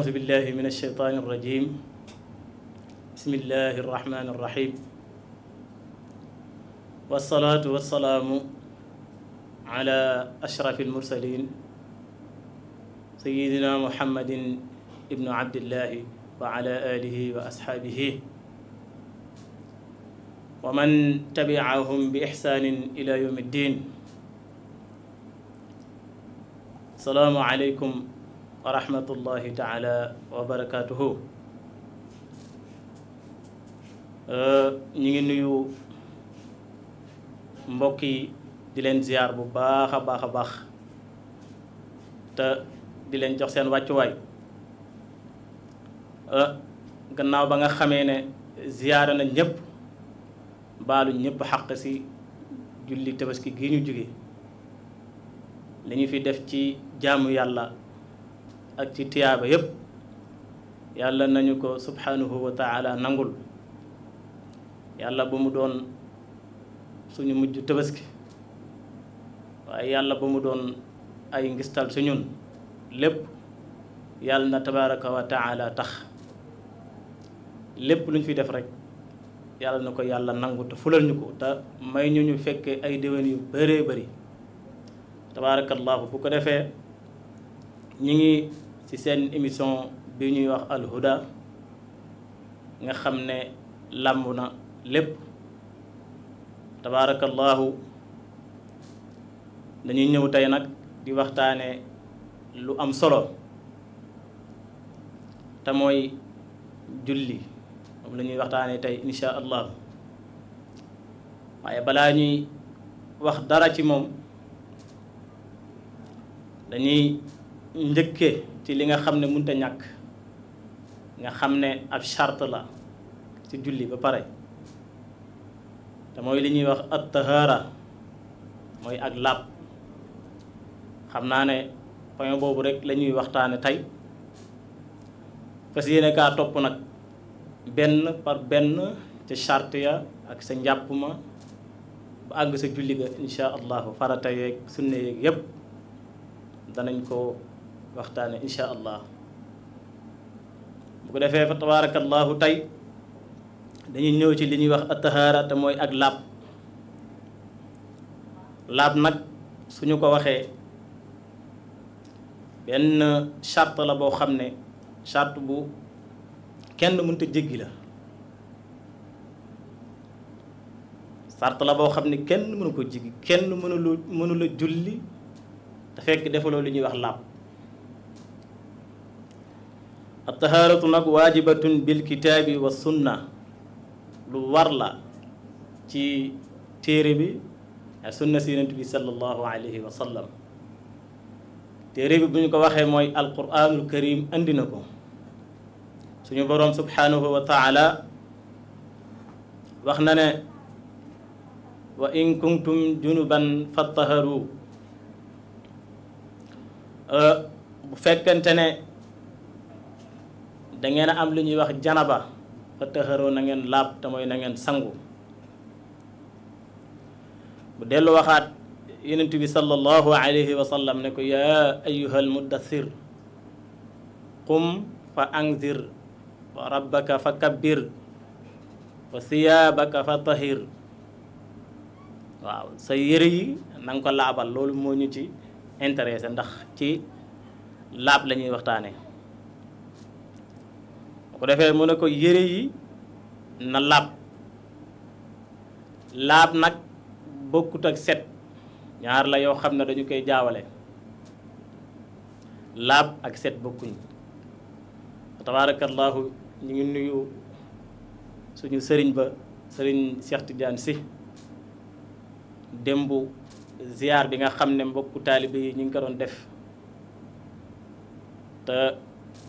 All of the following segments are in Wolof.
أعوذ بالله من الشيطان الرجيم بسم الله الرحمن الرحيم والصلاة والسلام على أشرف المرسلين سيدنا محمد ابن عبد الله وعلى آله وأصحابه ومن تبعهم بإحسان إلى يوم الدين السلام عليكم wa rahmatullahi taala wa barakaatuhu ñu ngi nuyu mbokk yi di leen ziar bu baax a baax a baax te di leen jox seen wàccuwaay gannaaw ba nga xamee ne ziyaara na ñëpp baalu ñëpp xaq si julli tabaski gi ñu jóge li fi def ci jaamu yàlla ak ci tiyaaba yépp yàlla nañu ko subhanahu wa taala nangul yàlla bu mu doon suñu mujj tabaski waaye yàlla bu mu doon ay ngistal su ñun lépp yàlla na tabaraka wa taala tax lépp lu ñu fi def rek yàlla na ko yàlla nangu te fulal ñu ko te may ñu ñu fekkee ay déwén yu bëree bëri tabarakallahu bu ko defee ñi ngi ci seen émission bi ñuy wax Al nga xam ne làmb na lépp tabaarakallaahu dañuy ñëw tey nag di waxtaane lu am solo te mooy julli moom lañuy ñuy waxtaane tey insha allah waaye balaa ñuy wax dara ci moom dañuy njëkkee ci li nga xam ne mun mënta ñàkk nga xam ne ab charte la ci julli ba pare te mooy li ñuy wax at tahaara mooy ak làpp xam naa ne point boobu rek la ñuy waxtaane tey fas yéene kaa topp nag benn par benn ca charte ya ak sa njàpp ma ba àgg sa julli ga insha allahu farata yeeg sunne yeeg yépp danañ ko waxtaane incha allah bu ko defee fa tabaarakallaahu tey dañuy ñëw ci li ñuy wax atahaara te mooy ak làpp laab nag su ñu ko waxee benn charte la boo xam ne charte bu kenn mënta jéggi la charte la boo xam ne kenn mënu ko jéggi kenn mënu lu mënu la julli te fekk defaloo li ñuy wax laab a tahaaratu nag waajibatun bil kitaabi wa sunna lu war la ci téere bi ak sunna si yonent bi sallallahu alayhi wa sallam téere bi bu ñu ko waxee mooy alquranul karim andi na ko suñu boroom subhaanahu wa taala wax na ne wa in kuntum junuban fattaharu euh, bu fekkente ne dangeen a am lu ñuy wax janaba fa taxaroo na ngeen laab te mooy na ngeen sangu bu dellu waxaat yonent bi sallallahu alayhi wa sallam ne ko yaa ayyuhal muddathir qum fa anzir wa rabbaka fa kabbir wa siyaabaka fa tahir waaw sa yére yi na ko laabal loolu moo ñu ci intéressé ndax ci laab lañuy ñuy waxtaanee bu defee mu ne ko yére yi na laab laab nag bokkut ak set ñaar la yoo xam ne dañu koy jaawale laab ak set bokkuñ tabaarakallaahu ñu ngi nuyu suñu sëriñ ba sëriñ Cheikh si démb ziar bi nga xam ne mbokku taalibe yi ñu ngi ko doon def te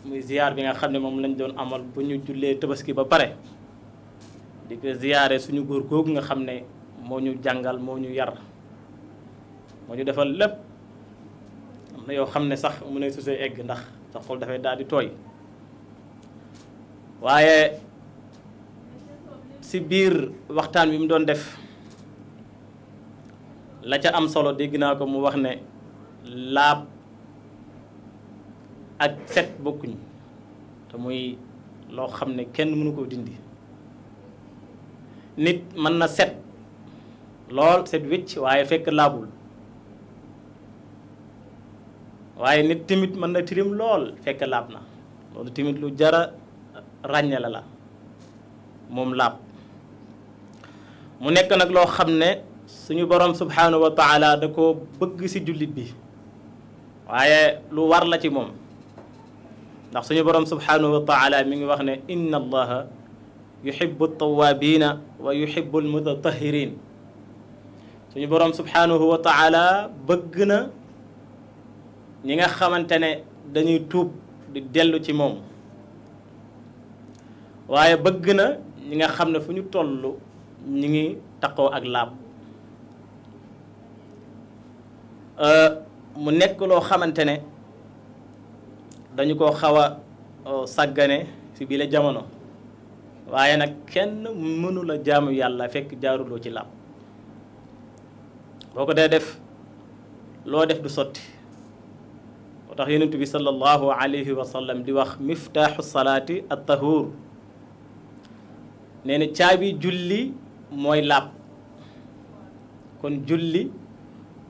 muy ziar bi nga xam ne moom lañ doon amal bu ñu jullee tabaski ba pare di ko ziare suñu góor googu nga xam ne moo ñu jàngal moo ñu yar moo ñu defal lépp am na yoo xam ne sax mu ne su egg ndax sa xol dafay daal di tooy waaye si biir waxtaan wi mu doon def la ca am solo dégg naa ko mu wax ne laab ak set bokkuñu te muy loo xam ne kenn mënu koo dindi nit mën na set lool set wicc waaye fekk laabul waaye nit tamit mën na tilim lool fekk laab na loolu tamit lu jara ràññee la la moom laab mu nekk nag loo xam ne suñu borom subhanahu wa taala da ko bëgg ci jullit bi waaye lu war la ci moom ndax suñu borom subhanahu wa taala mi ngi wax ne inna allaha yuhibbu tawaabiina wa yuhibbu almutatahirin suñu borom subhanahu wa taala bëgg na ñi nga xamante ne dañuy tuub di dellu ci moom waaye bëgg na ñi nga xam ne fu ñu toll ñi ngi taqoo ak laab euh, mu nekk loo xamante ne dañu ko xawa a sàggane si biir jamono waaye nag kenn mënu la jaamu yàlla fekk jaaruloo ci làpp boo ko dee def loo def du sotti moo tax yonent bi sallallahu alayhi wa sallam di wax miftaaxu salaati at tahuur nee na caabi julli mooy làpp kon julli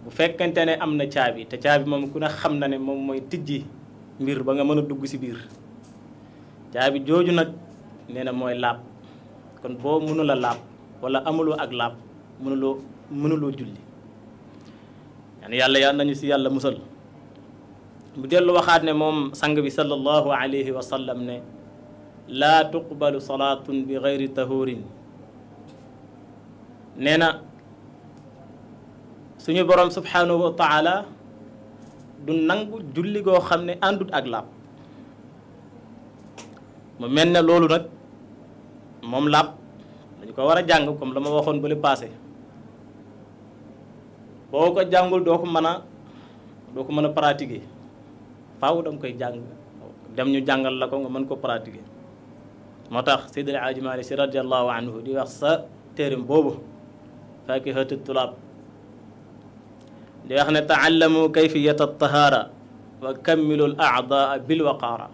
bu fekkente ne am na caabi te caabi moom ku ne xam na ne moom mooy tijji mbir ba nga mën a dugg ci biir caabi jooju nag nee na mooy laab kon boo mënula laab wala amuloo ak laab mënuloo mënuloo julli yan yàlla yal nañu si yàlla musal bu dellu waxaat ne moom sang bi sallallahu alayhi wa sallam ne laa tuqbalu salaatun bi gayri tahuurin nee na suñu borom subhanahu wa du nangu julli goo xam ne àndut ak laab mu mel ne loolu nag moom laab dañu ko war a jàng comme la ma waxoon ba li passé boo ko jàngul doo ko mën a doo ko mën a pratiquer faaw da koy jàng dem ñu jàngal la ko nga mën ko pratiquer moo tax Seydi El Hadji Malick Sy radiyallahu anhu di wax sa téerim boobu faakihatu tulaab di wax ne taallamu kayfiyata tahaara wa kammilu l acdaa bilwaqaara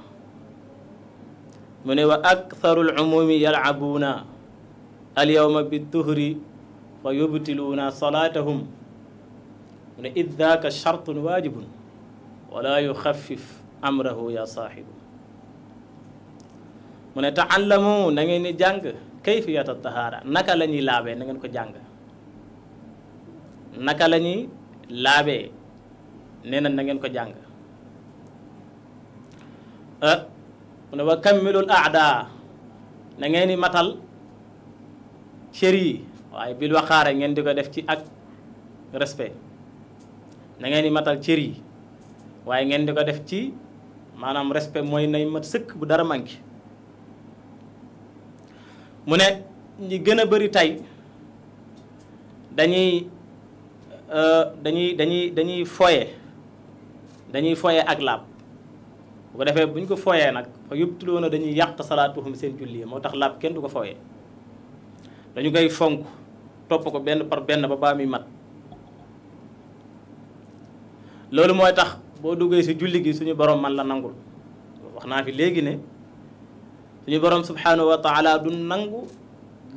mu ne wa aktharu lcumuumi yalcabuuna alyawma bidduhri fa yubtiluuna salaatahum mu ne id daaka chartun waajibun wala yuxaffif amrahu ya saaxibu mu ne taallamu na ngeen ni jàng kayfiyata tahaara naka la ñuy laabee na ngeen ko jàng naka la ñuy laabee nee na ngeen ko jàng ah, mu ne wa kammilul aada na ngeen di matal cër yi waaye bil waxaare ngeen di ko def ci ak respe na di matal cër yi waaye ngeen di ko def ci maanaam respe mooy nay mat sëkk bu dara manqué mu ne ñi gën a bëri tey dañuy Euh, dañuy dañuy dañuy foye dañuy foye ak laab bu ko defee bu ñu ko foyee nag fa yubtiluuna dañuy yàq salaatuhum seen julli moo tax laab kenn du ko foyee dañu koy fonk topp ko benn par benn ba baa muy mat loolu mooy tax boo duggee si julli gi suñu borom man la nangul wax naa fi léegi ne suñu borom subhanahu wa du nangu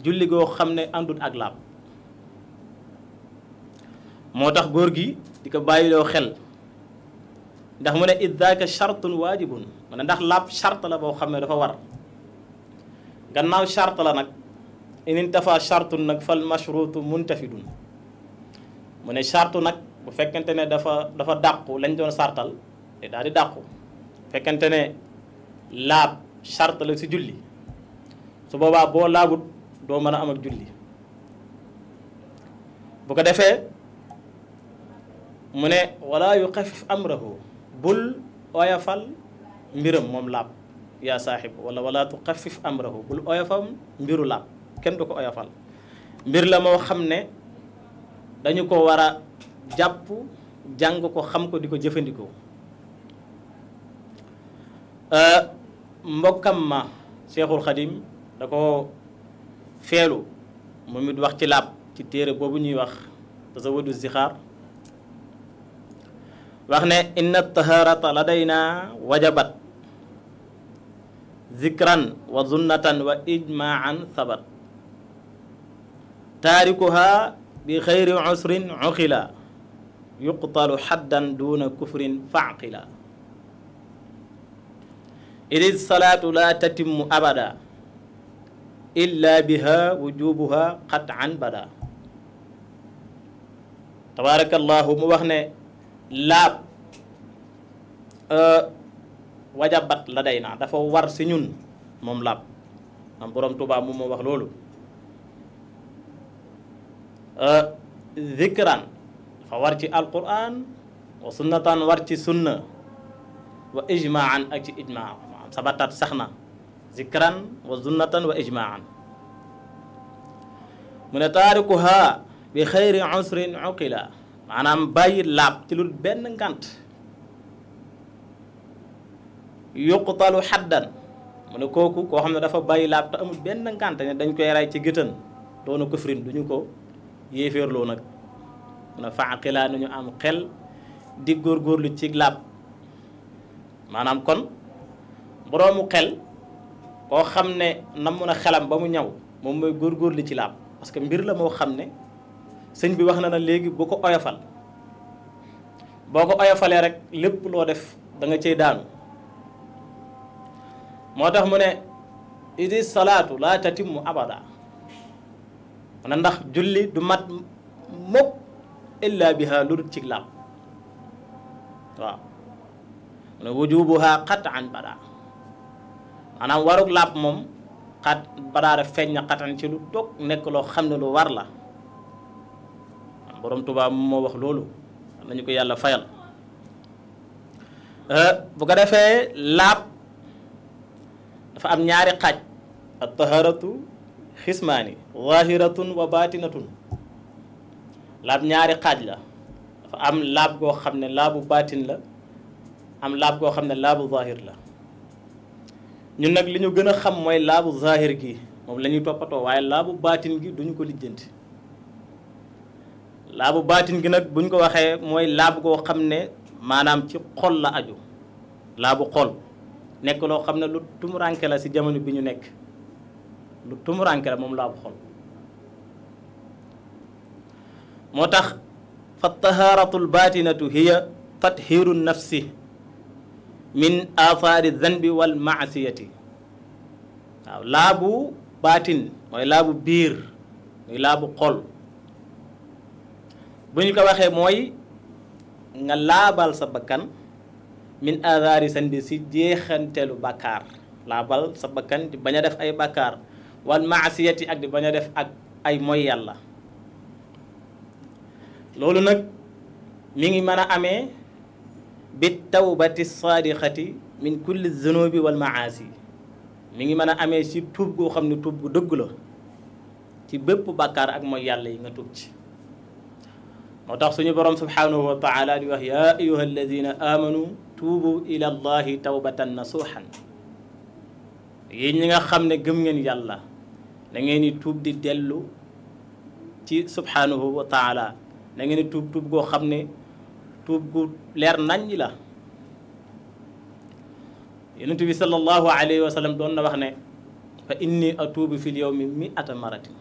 julli goo xam ne àndut ak laab moo tax góor gi di ko bàyyiloo xel ndax mu ne id daaka chartun waajibun mu ne ndax laab charte la boo xam ne dafa war gannaaw charte la nag inin tafa chartun nag fa fal mashruutu muntafidun mu ne charte nag bu fekkente ne dafa dafa dàqu lañ doon sartal te daal di dàqu fekkente ne laab charte la si julli su boobaa boo laabut doo mën a am ak julli bu ko defee mu ne wala yu xafif amrahu bul oyafal mbiram moom laab yaa saaxib wala wala tu xafif amrahu bul oyofal mbiru laab kenn du ko oyafal mbir la moo xam ne dañu ko war a jàpp jàng ko xam ko di ko jëfandikoo euh, mbokkam ma Seexul Xadim da ko feelu moom it wax ci làpp ci téere boobu ñuy wax tasawudu zixaar wax ne inna taharata ladayna wajabat zikran wa zunnatan wa ijmaan sabat taarikuha bi xayri usrin uqila yuqtalu xaddan duna kufrin faaqila idi salaatu la tatimmu abada illa biha wujubuha qat'an bada tabaarakallahu mu wax ne laab euh, wajabat la day naa dafa war si ñun moom laab am borom Tuubaa moom moo wax loolu euh, zikran dafa war ci alquran wa sunnatan war ci sunna wa ijmaan ak ci ijmaa maanaam sabataat sax na zikran wa sunnatan wa ijmaan mu ne taarikuha bi xayri usrin uqila maanaam bàyyi laab ci lul benn ngànt yuqtalu xaddan mu ne kooku koo xam ne dafa bàyyi laab te amul benn ngànt ne dañ koy rey ci gëtën doona këfrin du ñu ko yéeféerloo nag mu ne faaqilaa nañu am xel di góor góorgóorlu ci laab maanaam kon boroomu xel koo xam ne nam mun a xelam ba mu ñaw moom mooy góor góorgóorlu ci laab parce que mbir la moo xam ne sëñ bi wax na na léegi bu ko oyofal boo ko oyofalee rek lépp loo def danga cee cay daanu moo tax mu ne idi salaatu laa tatimmu abada mu ne ndax julli du mat mukk illa biha lu dut ci laab waaw mu ne wujubuha qatan bada maanaam warug laab moom xat badaa def feeñ na xatan ci lu dog nekk loo xam ne lu war la boroom Tuubaa moo wax loolu nañu ko yàlla fayal euh, bu ko defee laab dafa am ñaari xaaj at taharatu xismaani zahiratun wa batinatun laab ñaari xaaj la dafa am laab goo xam ne laabu baatin la am laab goo xam ne laabu zahir la ñun nag li ñu gën a xam mooy laabu zahir gi moom la ñuy toppatoo waaye laabu baatin gi duñu ko lijjanti laabu baatin gi nag buñ ko waxee mooy laab goo xam ne maanaam ci xol la aju laabu xol nekk loo xam ne lu tumuranke la si jamono bi ñu nekk lu tumuranke la moom laabu xol moo tax fa tahaaratu lbatinatu hiya tathiru nafsi min aathaari zanbi wal maasiyati waaw laabu baatin mooy laabu biir mooy laabu xol bu ñu ko waxee mooy nga laabal sa bakkan min azaari sandi si jeexantelu bàkkaar laabal sa bakkan di bañ a def ay bàkkaar wal maasiyati ak di bañ a def ak ay moy yàlla loolu nag mi ngi mën a amee bi tawbati saadiqati min kulli zunubi wal maasi mi ngi mën a amee ci tuub goo xam ne tuub gu dëgg la ci bépp bàkkaar ak mooy yàlla yi nga tuub ci moo tax suñu borom subhanahu wa taala di wax yaa ayuha alladina amanu tuubu ila allahi tawbatan nasuhan yéen ñi nga xam ne gëm ngeen yàlla na ngeen di tuub di dellu ci subhanahu wa taala na ngeen di tuub tuub goo xam ne tuub gu leer naññ la yonent bi sallallahu alayhi wa sallam doon na wax ne fa inni atuubu fil yawmi mi ata maratin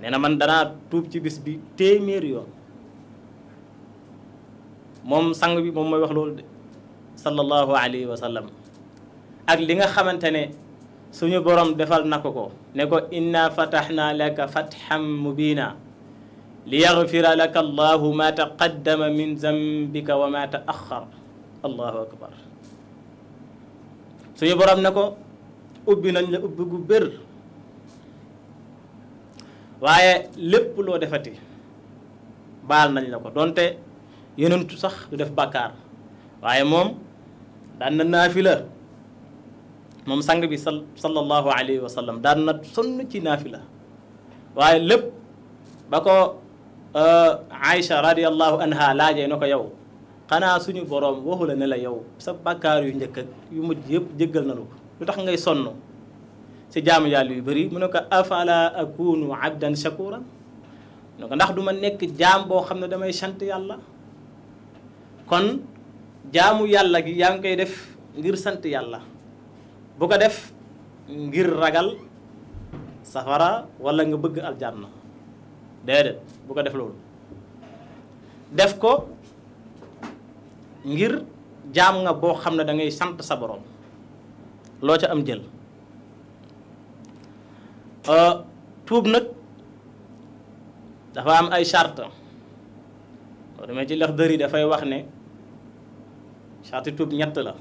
nee na man danaa tuub ci bis bi téeméer yoon moom sang bi moom mooy wax loolu de sallallahu alayhi wa ak li nga xamante ne suñu borom defal na ko ko ne ko inna fataxnaa laka fatxan mubina li yaxfira laka allahu ma taqaddama min zambika wa ma taaxar allahu akbar suñu borom ne ko ubbi nañ la ubbi gu bër waaye lépp loo defati baal nañ la ko donte yenentu sax du def bàkkaar waaye moom daan na naafila moom sang bi sal sallallahu alayhi wa sallam daan na sonn ci naafila waaye lépp ba ko euh, Aïcha radiallahu anha laajee na ko yow xanaa suñu boroom waxu la ne la yow sa bàkkaar yu njëkk yu mu yëpp jéggal na lu ko lu tax ngay sonn si jaamu yàlla yu bari mu ne ko afala akunu abdan shakuran mu ne ko ndax du ma nekk jaam boo xam ne damay sant yàlla kon jaamu yàlla gi yaa ngi koy def ngir sant yàlla bu ko def ngir ragal safara walla nga bëgg aljanna déedéet bu ko def loolu def ko ngir jaam nga boo xam ne dangay sant sa borom loo ca am jël euh, tuub nag dafa am ay charte boo demee ci lex dëri dafay wax ne sarti tuub ñett la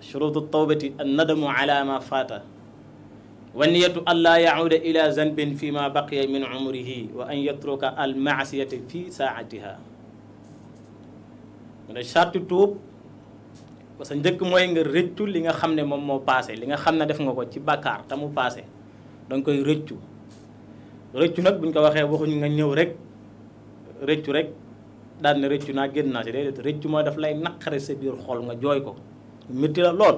shurutu tawbati an nadamu ala ma fata wa niyatu an laa ila zanbin fi ma baqiya min umrihi wa an yatruka al maasiyati fi saatiha mu ne sarti tuub parce que njëkk mooy nga rëccu li nga xam ne moom moo paase li nga xam ne def nga ko ci bàkkaar te mu paase danga koy rëccu rëccu nag buñ ko waxee waxuñ nga ñëw rek rëccu rek daan na rëccu naa génn naa si déedéet rëccu mooy daf lay naqare sa biir xol nga jooy ko métti la lool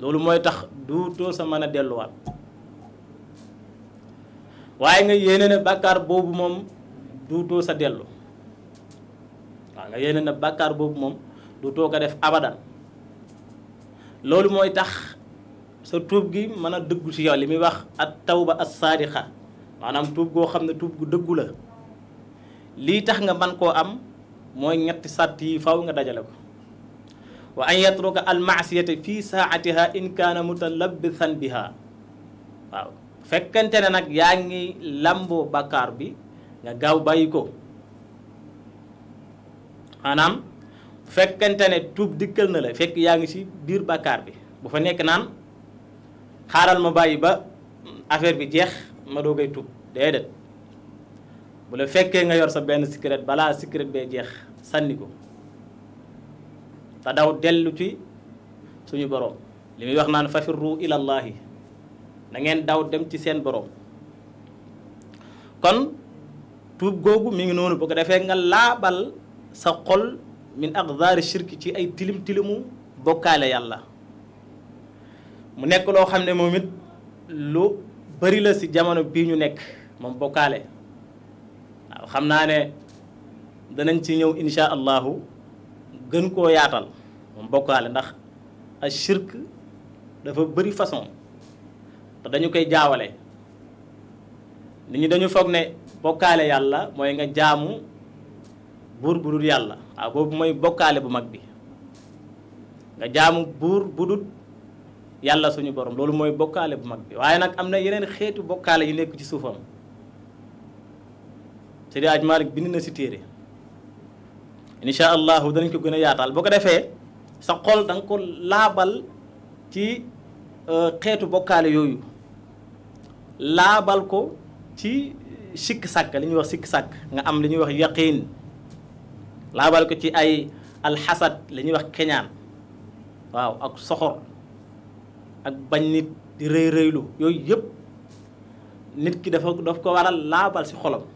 loolu mooy tax duutoo sa mën a delluwaat waaye nga yéene ne bàkkaar boobu moom duutoo sa dellu waaw nga yéene boobu moom duutoo ko def abada loolu mooy tax sa tuub gi mën a dëggu ci yow li muy wax taw ba as saadiqa maanaam tuub goo xam ne tuub gu dëggu la li tax nga man koo am mooy ñetti sàtt yi faw nga dajale ko wa an yatruka al maasiyata fii saatiha in kaana mutalabisan biha waaw fekkente ne nag yaa ngi lamboo bakkaar bi nga gaaw bàyyi ko maanaam fekkente ne tuub dikkal na la fekk yaa ngi ci biir bakkaar bi bu fa nekk naan xaaral ma bàyyi ba affaire bi jeex ma doogay tuub déedéet bu la fekkee nga yor sa benn cigarette balaa cigarette bee jeex sànni ko te daw dellu ci suñu borom li muy wax naan fafirru ilallahi na ngeen daw dem ci seen borom kon tuub googu mi ngi noonu bu ko defee nga laabal sa xol min aqdaari shirki ci ay tilim tilimu bokkaale yàlla mu nekk loo xam ne moom it lu bari la si jamono bii ñu nekk moom bokkaale xam naa ne danañ ci ñëw insha allahu gën koo yaatal moom bokkaale ndax a shirk dafa bëri façon te dañu koy jaawale nit ñi dañu foog ne bokkaale yàlla mooy nga jaamu buur bu dul yàlla waaw boobu mooy bokkaale bu mag bi nga jaamu buur bu dul yàlla suñu borom loolu mooy bokkaale bu mag bi waaye nag am na yeneen xeetu bokkaale yi nekk ci suufam Seydi Aj Malick bind na si téere incha allahu danañ ko gën a yaatal boo ko defee sa xol da ko laabal ci euh, xeetu bokkaale yooyu laabal ko ci sikk sàkk li ñuy wax sikki sàkk nga am li ñuy wax yaqiin laabal ko ci ay alxasad li wax keñaan waaw ak soxor ak bañ nit di rëy rëylu yooyu yëpp nit ki dafa daf ko waral laabal si xolom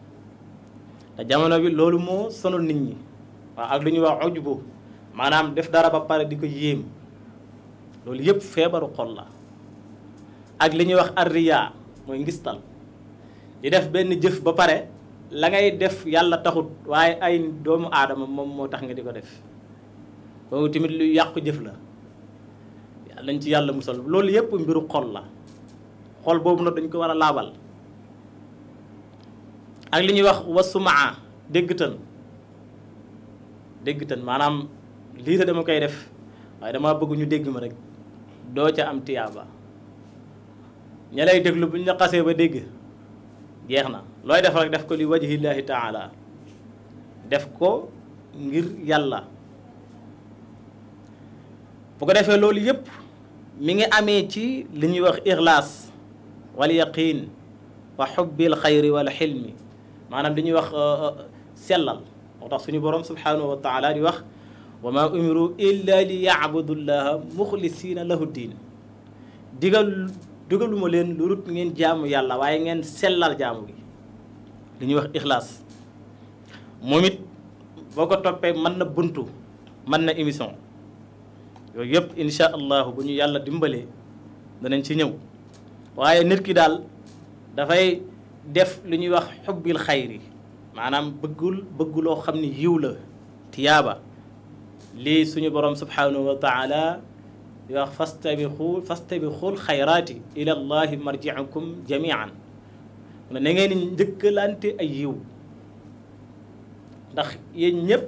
te jamono bi loolu moo sonal nit ñi waaw ak lu ñuy wax ujbu maanaam def dara ba pare di ko yéem loolu yëpp feebaru xol la ak li ñuy wax arriya mooy ngistal di def benn jëf ba pare la ngay def yàlla taxut waaye ay doomu aadama moom moo tax nga di ko def boobu tamit lu yàqu jëf la lañ ci yàlla musal loolu yëpp mbiru xol la xol boobu nag dañ ko war a laabal ak li ñuy wax wasumaa déggtal déggtal maanaam lii de dama koy def waaye dama bëgg ñu dégg ma rek doo ca am tiyaaba ña lay déglu bu ñu la ba dégg jeex na looy def rek def ko li wajhillaahi taala def ko ngir yàlla bu ko defee loolu yépp mi ngi amee ci li ñuy wax ixlaas wal yaqiin wa xubbil xayri wal xilmi maanaam li ñuy wax euh, euh, sellal moo tax suñu borom subhanahu wa taala di wax wa ma umiru illa li yaabudullaha muxlisina lahu diin digal digaluma leen lu ngeen jaamu yàlla waaye ngeen sellal jaamu gi li wax ixlaas moom it boo ko toppee mën na buntu mën na émission yooyu yëpp insha allahu bu ñu yàlla dimbalee danañ ci ñëw waaye nit ki daal dafay def lu ñuy wax xubbil xayri maanaam bëggul bëgguloo xam ni yiw la tiyaaba lii suñu borom subhanahu wa taala di wax fastabixu fastabixul xayraati ila allahi marjiakum jamian na ngeen di njëkkalante ay yiw ndax yéen ñëpp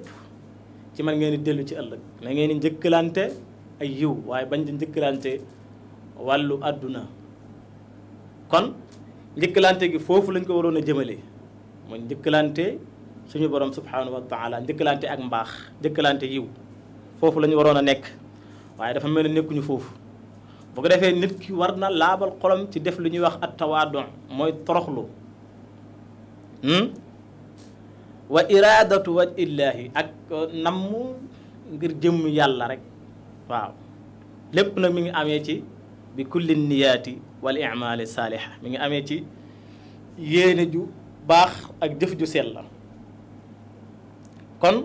ci man ngeen di dellu ci ëllëg na ngeen di njëkkalante ay yiw waaye bañ di njëkkalante wàllu àdduna kon njëkkalante gi foofu lañ ko waroon a jëmale mooy njëkkalante suñu borom subhanahu wa taala njëkkalante ak mbaax njëkkalante yiw foofu lañuy waroon a nekk waaye dafa mel na nekkuñu foofu bu ko defee nit ki war na laabal xolam ci def lu ñuy wax at tawaadon mooy toroxlu hmm? wa iradatu waj illaahi ak namm ngir jëmm yàlla rek waaw lépp nag mi ngi amee ci bi kulli niyaati wal imaali saaliha mi ngi amee ci yéene ju baax ak jëf ju sell la kon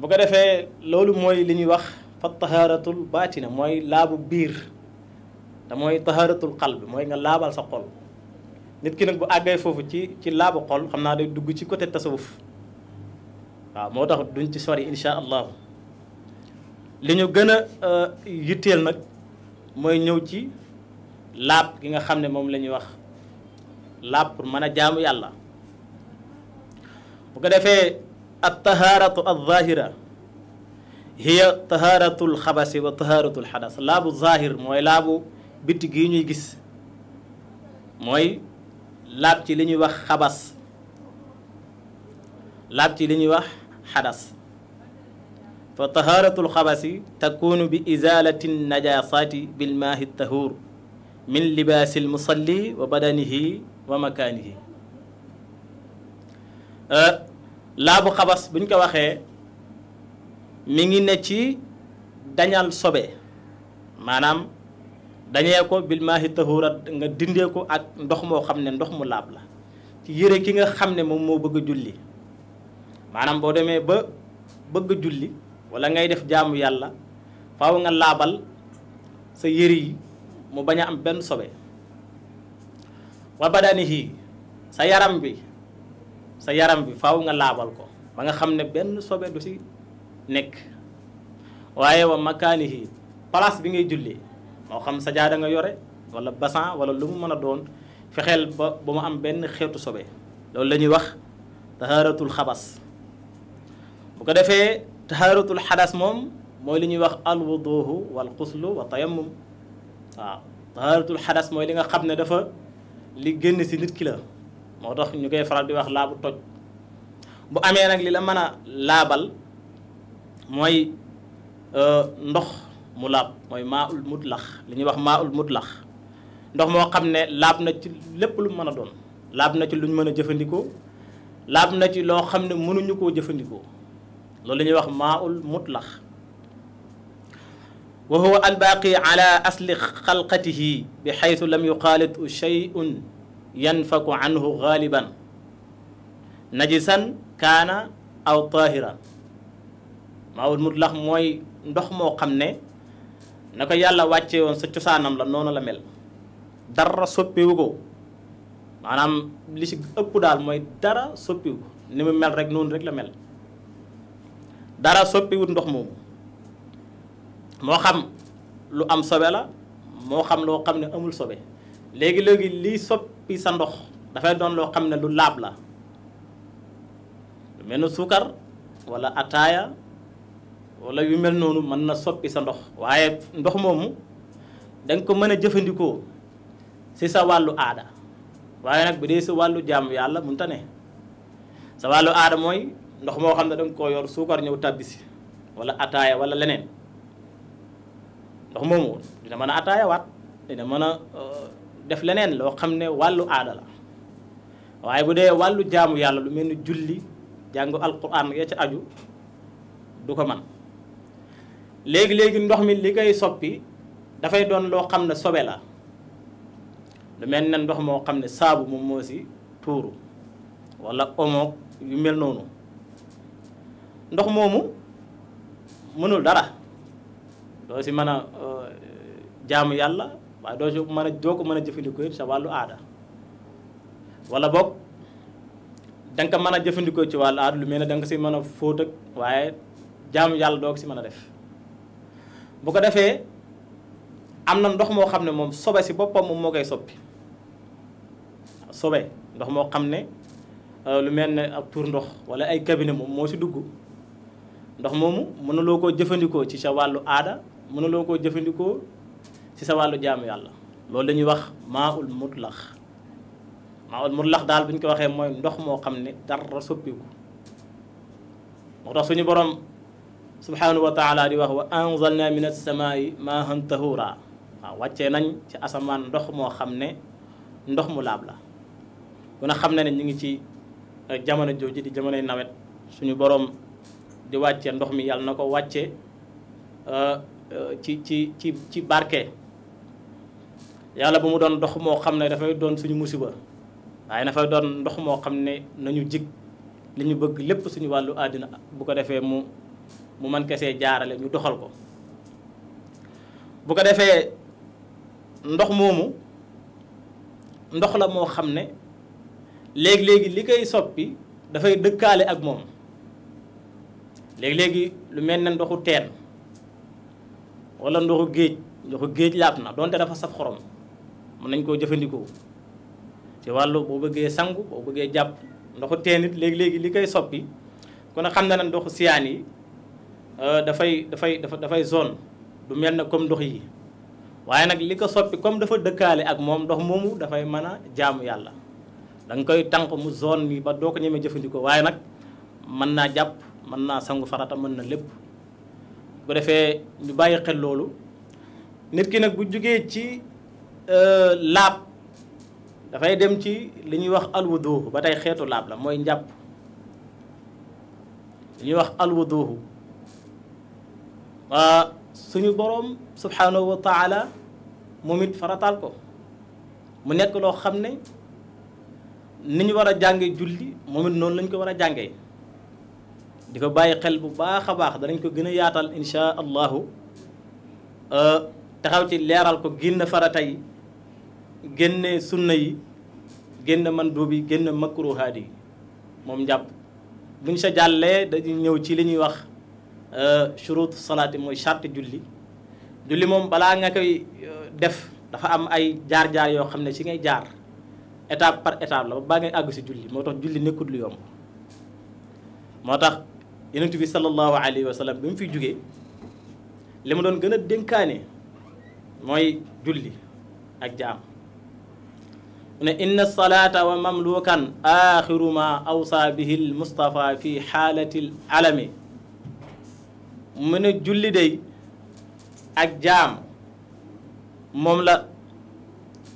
bu ko defee loolu mooy li ñuy wax fa tahaaratul baatina mooy laabu biir te mooy tahaaratul qalb mooy nga laabal sa xol nit ki nag bu àggee foofu ci ci laabu xol xam naa day dugg ci côté tasawuf waaw moo tax duñ ci sori insha allahu li ñu gën a euh, yitteel nag mooy ñëw ci laab gi nga xam ne moom la ñuy wax laab pour mën a jaamu yàlla bu ko defee al tahaaratu al zahira hiya tahaaratul xabasi wa tahaaratul mooy laabu biti gi ñuy gis mooy laab ci li ñuy wax xabas laab ci li ñuy wax xadas fa tahaaratul xabasi takunu bi izalati najasaati bilmaahi tahuur min libaasil musalli wa badanihi wa makaanihi euh, laabu xabas buñ ko waxee mi ngi ne ci dañal sobe maanaam dañee ko bil maahi nga dindee ko ak ndox moo xam ne ndox mu laab la ci yére ki nga xam ne moom moo bëgg a julli maanaam boo demee ba bëgg julli wala ngay def jaamu yàlla faaw nga laabal sa yére yi mu bañ a am benn sobe wa badanihi sa yaram bi sa yaram bi faw nga laabal ko ba nga xam ne benn sobe du si nekk waaye wa makaanihi place bi ngay julli moo xam sa jaada nga yore wala basan wala lu mu mën a doon fexeel ba mu am benn xeetu sobe loolu la ñuy wax tahaaratul xabas bu ko defee tahaaratul xadas moom mooy li ñuy wax alwuduhu wal xuslu wa tayammum waaw taharatul xadas mooy li nga xam ne dafa li génn si nit ki la moo tax ñu koy faral di wax laabu toj bu amee nag li la mën a laabal mooy euh, ndox mu laab mooy maa ul mutlax li ñuy wax maa ul mutlax ndox moo xam ne laab na ci lépp lu mën a doon laab na ci luñ mën a jëfandikoo laab na ci loo xam ne mënuñu koo jëfandikoo loolu la wax maa ul lax wa huwa albaqi ala asli xalqatihi bi xaytu lam yuxaalit shay'un yanfaku anhu xaaliban najisan kaana aw tahiran maawul mutlax mooy ndox moo xam ne na ko yàlla wàcce woon sa cosaanam la noonu la mel dara soppiwu ko maanaam li ci ëpp daal mooy dara soppiwu ko ni mu mel rek noonu rek la mel dara soppiwut ndox moomu moo xam lu am sobe la moo xam loo xam ne amul sobe léegi léegi liy soppi sa ndox dafay doon loo xam ne lu laab la lu mel suukar wala ataaya wala yu mel noonu mën na soppi sa ndox waaye ndox moomu danga ko mën a jëfandikoo si sa wàllu aada waaye nag bu dee sa wàllu jaamu yàlla mënta tane sa wàllu aada mooy ndox moo xam ne danga ko yor suukar ñëw tàbbisi wala ataaya wala leneen ndox moomu dina mën a ataayawaat dina mën a euh, def leneen loo xam ne wàllu aada la waaye bu dee wàllu jaamu yàlla lu mel ni julli jàngu alquran ya ca aju du ko man léegi-léegi ndox mi li koy soppi dafay doon loo xam ne sobe la lu mel ndox moo xam ne saabu moom moo si tuuru wala omo yu mel noonu ndox moomu mënul dara doo si mën a uh, jaamu yàlla waaye doo si man a doo ko mën a jëfandikoo it sa wàllu aada wala boog danga ko mën a jëfandikoo ci wàllu aada lu mel ne danga si mën a fóot ak waaye jaamu yàlla doo si mën a def bu ko defee am na ndox moo xam ne moom sobe si boppam moom moo koy soppi sobe ndox moo xam ne uh, lu mel ne ab tuur ndox wala ay cabinet moom moo si dugg ndox moomu mënuloo koo jëfandikoo ci sa wàllu aada mënuloo ko jëfandikoo ci sa wàllu jaamu yàlla loolu la ñuy wax maa ul mutlax maa ul mutlax daal bu ñu ko waxee mooy ndox moo xam ne dara soppiku moo tax suñu borom subhanahu wa taala di wax wa anzalna min as-samaa'i maahan tahura waaw wàccee nañ ci asamaan ndox moo xam ne ndox mu laab la ku ne xam na ne ñu ngi ci euh, jamono jooju di jamonoy nawet suñu boroom di wàccee ndox mi yàlla na ko wàcce euh, Euh, ci ci ci ci barke yàlla bu mu doon ndox moo xam ne dafay doon suñu musiba waaye dafay doon ndox moo xam ne nañu jig li bëgg lépp suñu wàllu àddina bu ko defee mu mu mën kesee jaarale ñu doxal ko bu ko defee ndox moomu ndox la moo xam ne léegi-léegi li koy soppi dafay dëkkaale ak moom léegi-léegi lu mel ne ndoxu teen wala ndoxu géej ndoxu géej laab na doonte dafa saf xorom mën nañ koo jëfandikoo ci wàllu boo bëggee sangu boo bëggee jàpp ndoxu teen léegi-léegi li koy soppi kon a xam na ne ndoxu siyaan yi euh, dafay dafay dafay zone du mel na comme ndox yi waaye nag li ko soppi comme dafa dëkkaale ak moom ndox moomu dafay mën a jaamu yàlla danga koy tànq mu zone bi ba doo ko ñemee jëfandikoo waaye nag mën naa jàpp mën naa sangu farata mën na lépp bu defee ñu bàyyi xel loolu nit ki nag bu jógee ci euh, laab dafay dem ci li ñuy wax alwuduhu ba tey xeetu laab la mooy njàpp li ñuy wax alwuduhu waa suñu boroom subhanahu wa taala moom it farataal ko mu nekk loo xam ne ni ñu war a jànge julli moom it noonu lañ ko war a jàngee di ko bàyyi xel bu baax a baax danañ ko gën a yaatal insha allahu euh, taxaw ci leeral ko génn farata yi génne sunna yi génn mandub yi génn makruhaat yi moom mu ngi sa jàllee dañuy ñëw ci li ñuy wax euh, shurut salaati mooy charte julli julli moom balaa nga koy euh, def dafa am ay jaar-jaar yoo xam ne si ngay jaar étape par étape la ba baa ngay àgg si julli moo tax julli nekkul lu moo tax yonent bi sallallahu alayhi wa bi mu fi juge li ma doon gën a dénkaane mooy julli ak jaam ne inna salaata wa mamlukan axiru ma awsa bihi l fi xaalati alami mu ne julli day ak jaam moom la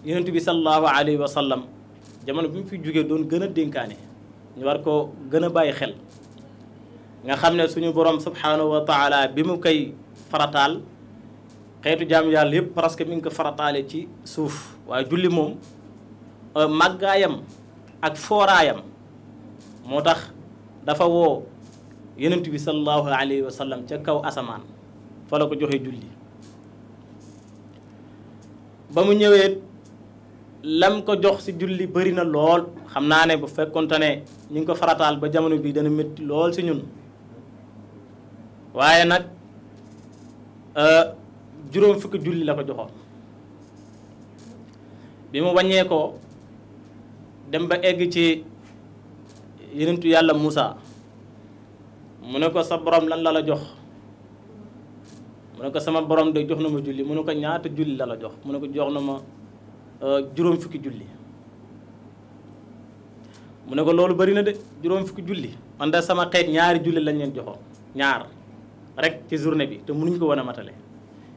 yonent bi salallahu alayhi wa sallam jamono bi mu fi jógee doon gën a dénkaane ñu war ko gën a bàyyi xel nga xam ne suñu borom subhanahu wa taala bi mu koy farataal xeetu jaam yàlla yëpp parce que mi ngi ko farataale ci suuf waaye julli moom euh, màggaayam ak fooraayam moo tax dafa woo yonent bi sallallahu alayhi wa sallam ca kaw asamaan fa la ko joxee julli ba mu ñëwee lam ko jox si julli bëri na lool xam naa ne bu fekkonte ne ñu ngi ko farataal ba jamono bii dana métti lool si ñun waaye nag euh, juróom fukki julli la ko joxoon bi mu wàññee ko dem ba egg ci yonentu yàlla Moussa mu ne ko sa borom lan la la jox mu ne ko sama borom de jox na ma julli mu ne ko ñaata julli la la jox mu ne ko jox na ma euh, juróom fukki julli mu ne ko loolu bari na de juróom fukki julli man de sama xeet ñaari julli lañ leen joxoon ñaar rek ci journée bi te mënuñ ko woon a matale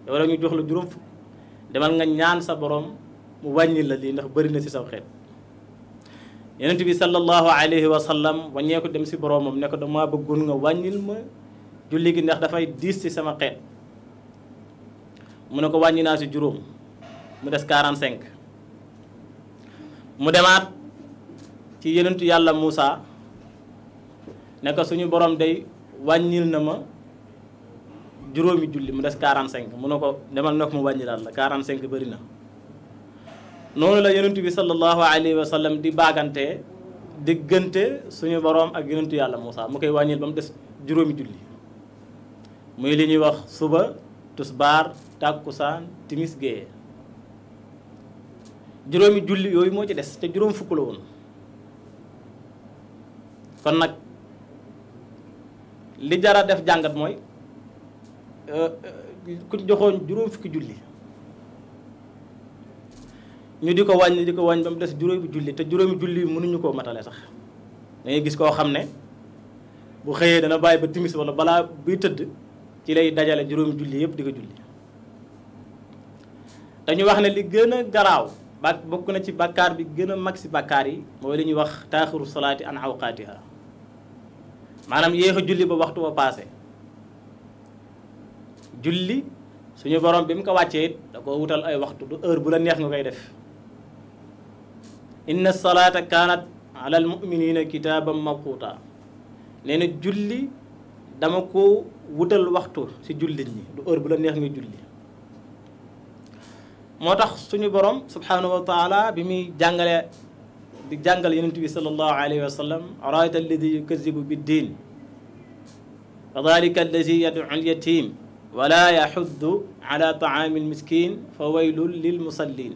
yow rek ñu jox la juróom fukk demal nga ñaan sa boroom mu wàññi la lii ndax bari na si saw xeet yonent bi sallallahu alayhi wa sallam waññee ko dem si boromam ne ko dama bëggoon nga wàññil ma julli gi ndax dafay diis si sama xeet mu ne ko wàññi naa si juróom mu des 45 mu demaat ci yonentu yàlla Moussa ne suñu borom day wàññil na ma juróomi julli mu des 45 mu ne ko demal nag mu wàññi daal la 45 bëri na noonu la yonent bi sallallahu alayhi wa sallam di baagante diggante suñu boroom ak yonentu yàlla Moussa mu koy wàññil ba mu des juróomi julli muy li ñuy wax suba tusbaar tàkkusaan timis géeye juróomi julli yooyu moo ci des te juróom fukk la woon kon nag li jara def jàngat mooy Euh, euh, ku ci joxoon juróom fukki julli ñu di ko wàññi di ko wàññi ba mu des juróomi julli te juróomi julli mënuñu koo matale sax da gis koo xam ne bu xëyee dana bàyyi ba timis wala balaa buy tëdd ci lay dajale juróomi julli yëpp di ko julli dañu wax ne li gën a garaaw ba bokk na ci bàkkaar bi gën a mag ci bàkkaar yi mooy li ñuy wax taaxiru salaati an awqaatiha maanaam yéex a julli ba waxtu ba paase julli suñu borom bi mu ko wàccee it da wutal ay waxtu du heure bu la nga koy def inna salaata kaanat ala al muminina kitaaban mawquta nee julli dama ko wutal waxtu si jullit ñi du heure bu la neex nga julli moo tax suñu borom subhanahu wa bi muy jàngale di jàngal yonent bi sallallahu alayhi wa sallam arayta alladi yukazibu bid din fa dalika alladi yadu al wala yaxuddu ala taami almiskin fa waylun lilmusallin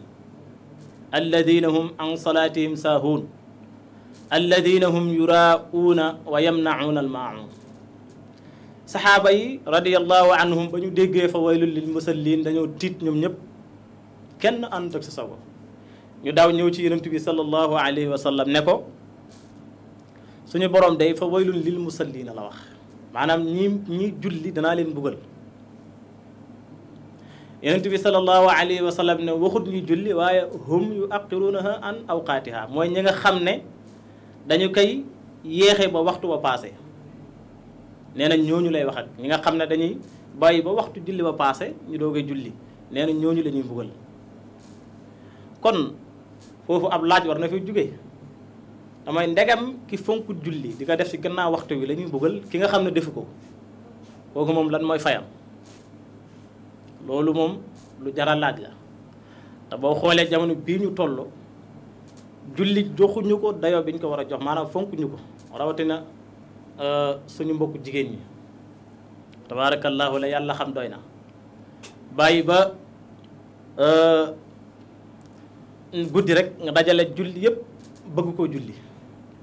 alladina hum an salaatihim saahuun alladina hum yuraa'uuna wa yamnacuuna almaacuun saxaaba yi radiallahu anhum ba ñu déggee fa waylun lilmusallin dañoo tiit ñoom ñëpp kenn ànd ak sa sago ñu daaw ñëw ci yonent bi sallallahu alayhi wa sallam ne ko suñu borom day fa waylun lil musallina la wax maanaam ñi ñi julli danaa leen buggal yonent bi sallallahu alayhi wa sallam ne waxut ñu julli waaye hum yu aqirunaha an awqaatiha mooy ñi nga xam ne dañu koy yéexe ba waxtu ba paase. nee nañ ñooñu lay wax ñi nga xam ne dañuy bàyyi ba waxtu julli ba paase ñu doog a julli nee nañ ñooñu la ñuy mbugal kon foofu ab laaj war na fi jóge damay ndegam ki fonk julli di ko def ci gannaaw waxtu wi lañuy buggal ki nga xam ne defu ko kooku moom lan mooy fayam. loolu moom lu jar a la te boo xoolee jamono bii ñu toll jullit joxuñu ko dayoo bi ñu ko war a jox maanaam fonkuñu ko rawatina euh, suñu mbokku jigéen ñi tabaarakallaahu la yàlla xam doy na bàyyi ba euh, guddi rek nga dajale julli yëpp bëgg ko julli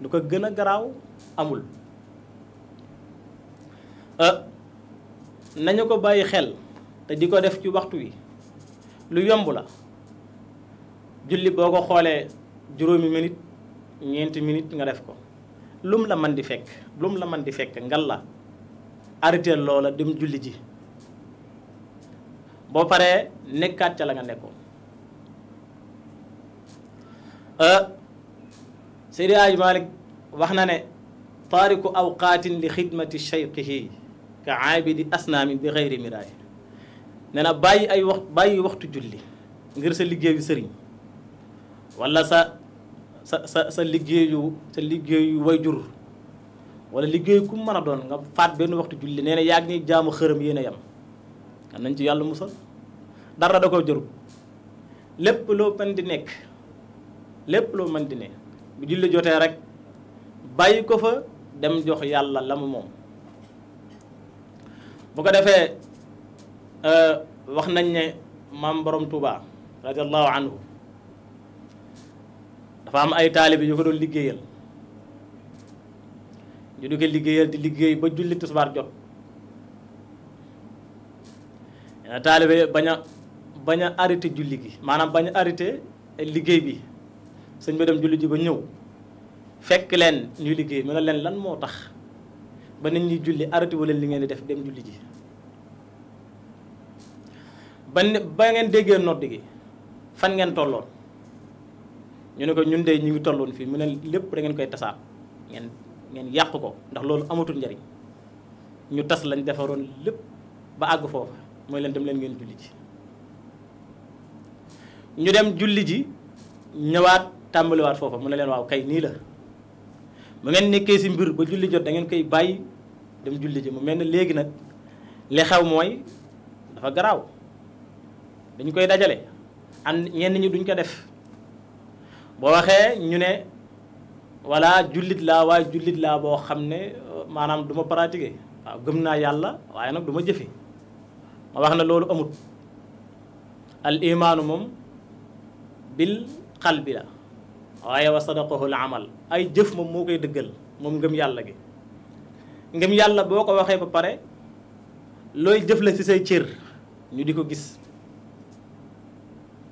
lu ko gën a garaaw amul euh, nañu ko bàyyi xel te di ko def ci waxtu wi lu yomb la julli boo ko xoolee juróomi minute ñeenti minute nga def ko lum la man di fekk lum la man di fekk ngal la arrêté loola dem julli ji boo paree nekkaat ca la nga nekkoon euh, Seydi Aji Malik wax na ne taariku awqaatin li xidmati cheyqihi ka aabidi asnaamin bi xeyri miraay nee na bàyyi ay wax bàyyi waxtu julli ngir sa liggéeyu sëriñ walla sa sa sa sa liggéeyu sa liggéeyu way wayjur wala liggéeyu ku mën a doon nga faat benn waxtu julli nee na yaag ni jaamu xërëm yéen a yem kan nañ ci yàlla musal dara da ko jëru lépp loo mën di nekk lépp loo mën di ne bu julli jotee rek bàyyi ko fa dem jox yàlla lamu moom bu ko defee Euh, wax nañ ne maam borom Touba radiallahu anhu dafa am ay taalibe yu ko doon liggéeyal ñu di ko liggéeyal di liggéey ba julli tisbaar jot na bañ a bañ a julli gi maanaam bañ a arrêté liggéey bi sëñ bi dem julli ji ba ñëw fekk leen ñuy liggéey mu ne leen lan moo tax ba nit ñuy julli arrêté wu leen li ngeen di def dem julli ji ba ba ngeen déggee nodd gi fan ngeen tolloon ñu ne ko ñun de ñu ngi tolloon fii mu ne lépp da koy tasaat ngeen ngeen yàq ko ndax loolu amatul njariñ ñu tas lañ defaroon lépp ba àgg foofa mooy leen dem leen ngeen julli ñu dem julli ji ñëwaat tàmbaliwaat foofa mu ne leen waaw kay nii la mu ngeen nekkee si mbir ba julli jot da ngeen koy bàyyi dem julli ji mu mel ne léegi nag li xew mooy dafa garaaw dañ koy dajale and ñenn ñi duñ ko def boo waxee ñu ne walla jullit la waaye jullit la boo xam ne maanaam du ma pratiquer waaw gëm naa yàlla waaye nag duma ma jëfe ma wax na loolu amut al imaanu moom bil qalbi la waaye wa sadaqahu al amal ay jëf moom moo koy dëggal moom ngëm yàlla gi ngëm yàlla boo ko waxee ba pare looy jëf la ci say cër ñu di ko gis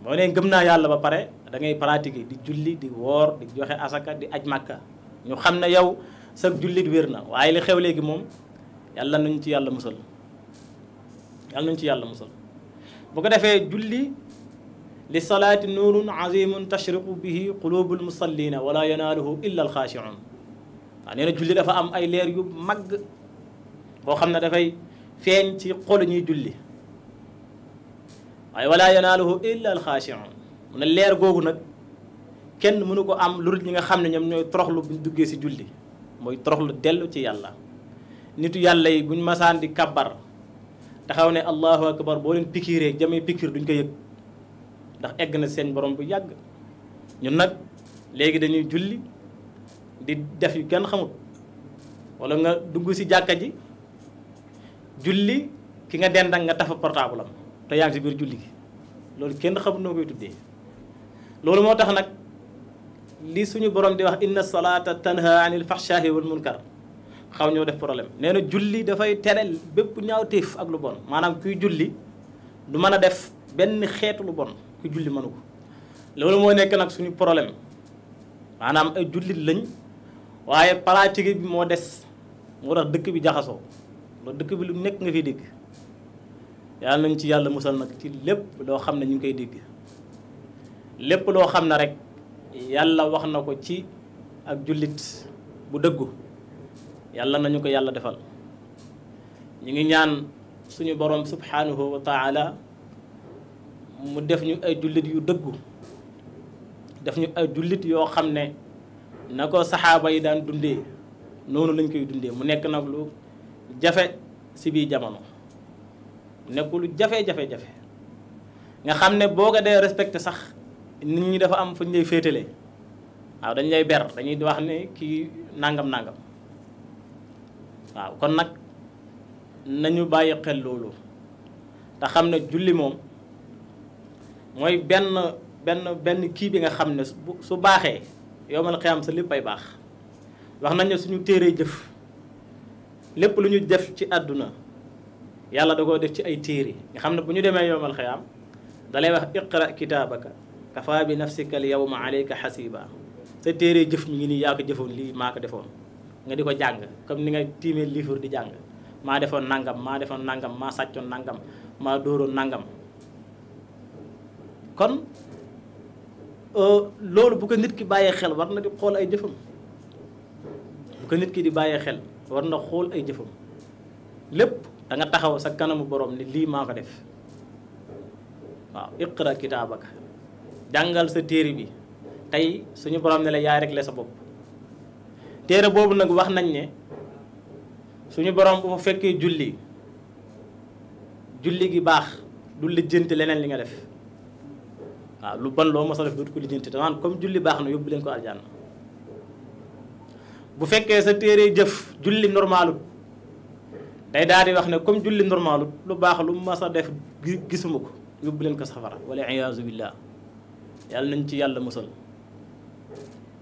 boo nee gëm naa yàlla ba pare da ngay pratiquer di julli di woor di joxe asaka di aj màkka ñu xam ne yow sa jullit wér na waaye li xew léegi moom yàlla nuñ ci yàlla musal yàlla nuñ ci yàlla musal bu ko defee julli li salaati nuurun azimun tashriqu bihi qulubul musallina wala yanaaluhu illa alxaashiun waaw nee na julli dafa am ay leer yu mag boo xam ne dafay feeñ ci xolu ñuy julli waaye walaa yanaaluhu illa alxaashiun mu ne leer googu nag kenn mënu ko am lu dul ñi nga xam ne ñoom ñooy toroxlu buñ duggee si julli mooy toroxlu dellu ci yàlla nitu yàlla yi buñ masaan di kabbar taxaw ne allahu akbar boo leen pikiiree jamee pikiir duñ ko yëg ndax egg na seen borom bu yàgg ñun nag léegi dañuy julli di def yu kenn xamut wala nga dugg si jàkka ji julli ki nga dend ak nga tafa portable te biir julli gi loolu kenn xamul noo koy tuddee loolu moo tax nag li suñu borom di wax inna salaata tanha anil fahshaahi wal munkar xaw ñoo def problème neena na julli dafay tere bépp ñaawteef ak lu bon maanaam kuy julli du mën a def benn xeetu lu bon ku julli mënu ko loolu moo nekk nag suñu problème maanaam ay jullit lañ waaye pratique bi moo des moo tax dëkk bi jaxasoo loolu dëkk bi lu nekk nga fiy dégg yàlla nañ ci yàlla musal nag ci lépp loo xam ne ñu ngi koy digg lépp loo xam ne rek yàlla wax na ko ci ak jullit bu dëggu yàlla nañu ko yàlla defal ñu ngi ñaan suñu borom subhanahu wa taala mu def ñu ay jullit yu dëggu def ñu ay jullit yoo xam ne na ko saxaaba yi daan dundee noonu lañ koy dundee mu nekk nag lu jafe si biir jamono nekku jafe-jafe-jafe nga xam ne boo ko dee respecté sax nit ñi dafa am fu ñu lay féetalee waaw dañ lay ber dañuy wax ne kii nangam-nangam waaw kon nag nañu bàyyi xel loolu te xam ne julli moom mooy benn benn benn kii bi nga xam ne su baaxee yowmal am sa lépp ay baax wax nañ ne suñu téeree jëf lépp lu ñu def ci àdduna yàlla da koo def ci ay téere nga xam ne bu ñu demee yowmal xiyaam dalay wax iqra kitaabaka kafaa bi nafsika al yawma alayka xasiba sa téere jëf mi ngi nii yaa ko jëfoon lii maa ko defoon nga di ko jàng comme ni nga tiimee livre di jàng maa defoon nangam maa defoon nangam maa sàccoon nangam maa dóoroon nangam kon euh, loolu nit ki bàyyee xel war na di xool ay jëfam bu ko nit ki di bàyyee xel war na xool ay jëfam lépp da taxaw sa kanamu borom ni lii maa ko def waaw iqra kitaabaka jàngal sa téere bi tey suñu borom ne la yaay rek la sa bopp téere boobu nag wax nañ ne suñu borom bu fa fekkee julli julli gi baax du lijjanti leneen li nga def waaw lu ban loo mos a def dootu ko lijjanti danaan comme julli baax na yóbbu leen ko aljanna bu fekkee sa téere jëf julli normalu day daal di wax ne comme julli normal lu baax lu mas a def gisuma ko yóbbu leen ko safara wala iyaazu billah yàlla nañ ci yàlla musal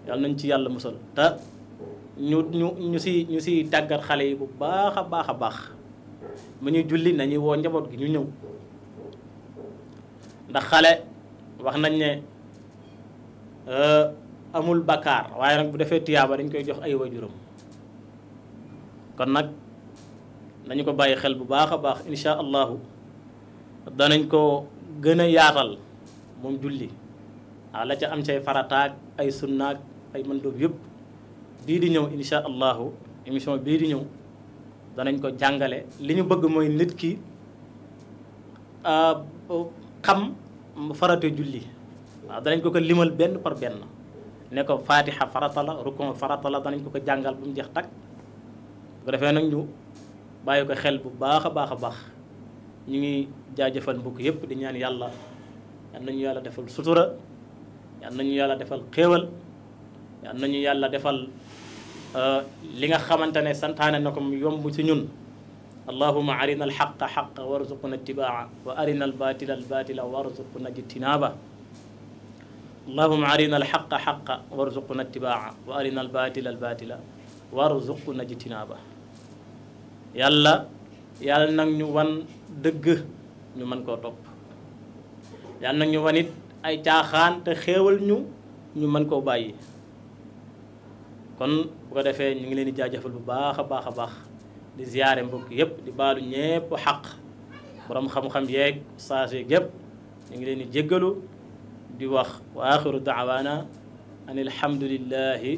yàlla nañ ci yàlla musal te ñu ñu ñu si ñu si tàggat xale yi bu baax a baax a baax mu ñuy julli nañu woo njaboot gi ñu ñëw ndax xale wax nañ ne euh, amul bakkaar waaye nag bu defee tiyaaba dañ koy jox ay waajuram kon nag nañu ko bàyyi xel bu baax a baax incha allahu danañ ko gën a yaatal moom julli waaw la ca am say farataak ay sunnaak ay mëndóob yëpp bii di ñëw incha allahu émission bii di ñëw danañ ko jàngale li ñu bëgg mooy nit ki kam farata julli waaw danañ ko ko limal benn par benn ne ko fatiha farata la rukon danañ ko ko jàngal bu mu jeex takk bu ko nag ñu bàyyi ko xel bu baax a baax a baax ñu ngi jaajëfal mbokk yëpp di ñaan yàlla yal nañu yàlla defal sutura yal nañu yàlla defal xéewal yal nañu yàlla defal euh, li nga xamante ne santaane na ko mu yomb ci ñun allahuma arina alxaqa xaqa warzuqna itibaa wa arina albatila albatila warzuqna jtinaaba allahuma arina alxaqa xaqa warzuqna itibaa wa arina albatila albatila warzuqna jtinaaba yàlla yàlla nag ñu wan dëgg ñu mën koo topp yàlla nag ñu wan it ay caaxaan te xéewal ñu ñu mën koo bàyyi kon bu ko defee ñu ngi leen di jaajëfal bu baax a baax a baax di ziyaare mbokk yëpp di baalu ñépp xaq borom xam-xam yeeg saas yeeg yëpp ñu ngi leen di jéggalu di wax wa axiru daawaana an alhamdulillahi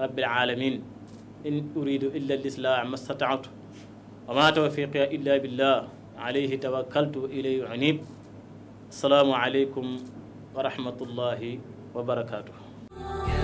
rabbil alamin in uridu illa lislaa ma stataatu wa ma tawfiqiya illa billah alayhi tawakkaltu wa ilayhi unib asalaamu aleykum wa rahmatullahi wa barakatuh